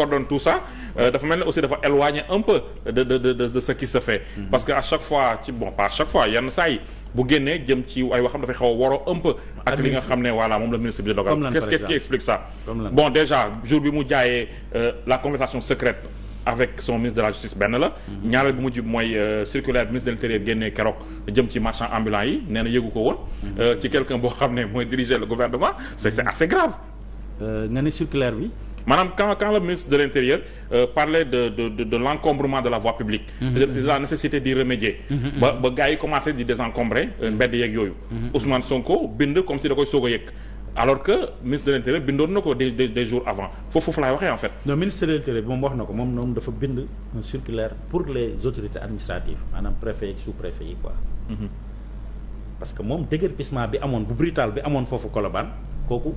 coordonne tout euh, mel ne aussi dafa éloigner un peu mhm. chaque fois ci bon pas à fois yenn saa yi bu génnee jëm ci ay waxam dafay xaw a waroo un ak li nga xam ne voilà moom la ministre bi di dogal. comme qu'est-ce qui explique ça. déjà jour bi mu jaayee euh, la conversation secrète. avec son ministre de la justice benn la mhm. ñaareel bu mujj mooy euh, circulaire bi ministre de l'intérieur génnee keroog jëm ci marchand ambulant yi nee na yëgu ko woon mhm. ci quelqu'un boo xam ne mooy diriger le gouvernement c'est c'est assez grave nga ne circulaire bi maanaam quand quand le ministre de l'intérieur euh, de de l'encombrement de la voie publique. Mmh, de, de la nécessité d'y remédier. Mm-hmm. ba ba gars yi commencé di désencombrer euh, mm-hmm. mbedd yeeg yooyu. Mm-hmm. Ousmane Sonko bind comme si da koy soog a yëg. alors que ministre de l'intérieur bindoon na ko des des jours avant foofu foofu laay waxee en fait. non ministre de l'intérieur bi moom wax na ko moom noonu dafa bind un circulaire pour les autorités administratives maanaam préfet sous-préfet parce que moom déguerpissement bi amoon bu brutal bi amoon foofu Colobane kooku.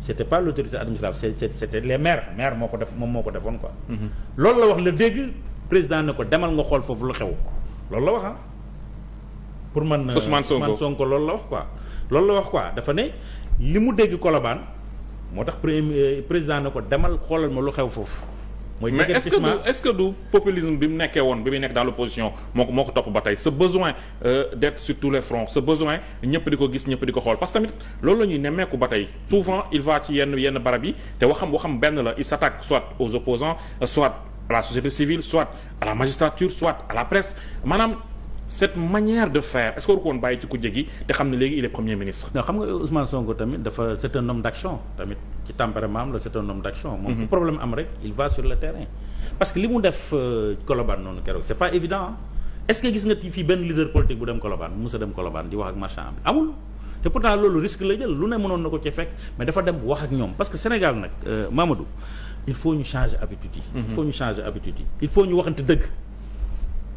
c'était pas l'autorité administrative c'était les maires maire moo ko def moom moo ko defoon quoi. Mhm. loolu la wax la dégg président ne ko demal nga xool foofu lu xew loolu la wax ah. pour man euh, Ousmane Sonko loolu la wax ko loolu la wax quoi dafa ne li mu dégg kolobaan moo tax premier euh, président ne ko demal xoolal ma lu xew foofu. mooy mais est-ce que du est bi mu nekkee woon bi mu nekk dans l'opposition moo ko moo ko topp ba tey besoin euh, d'être sur tous les fronts besoin ñëpp di ko gis ñëpp di ko xool parce que loolu la ñuy nemmeeku ba tey souvent il va ci yenn yenn barab yi te waxam waxam benn la il s'attaque soit aux opposants soit à la société civile soit à la magistrature soit à la presse maanaam cette manière de faire est-ce que waru ko woon bàyyi ci kujje gi te xam ne léegi il est premier ministre. non xam nga Ousmane Sonko tamit dafa c'est un d'action tamit ci tempérament la c'est un d'action. moom mhm. fu problème am rek il va sur le terrain. parce que li mu def euh, Colobane noonu keroog c'est pas évident est que gis nga fii benn leader politique bu dem Colobane mu musa dem Colobane di wax ak marchand amul. te pourtant loolu risque la jël lu yi. Euh, il faut mhm. yi il faut ñu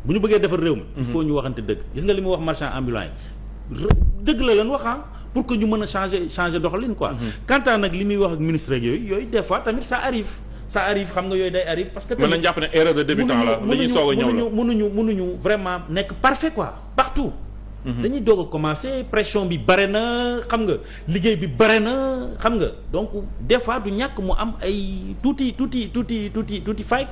bu ñu bëggee defar réew mi. il mhm. faut ñu waxante dëgg gis nga li mu wax marchand ambulant dëgg la leen wax ah, pour que ñu mën a changer changer doxalin ko mhm. quant à nag li muy wax ak ministre ak yooyu yooyu des fois tamit sa arrive ça arrive xam nga yooyu day arrive. parce que tamit mën nañu jàpp ne erreur de débutant la la ñuy soog a ñëw la vraiment nekk parfait ko partout. Mhm. dañuy doog a commencer pression bi bare na xam nga liggéey bi bare na xam nga donc des fois du ñàkk mu am ay tuuti tuuti tuuti tuuti tuuti fay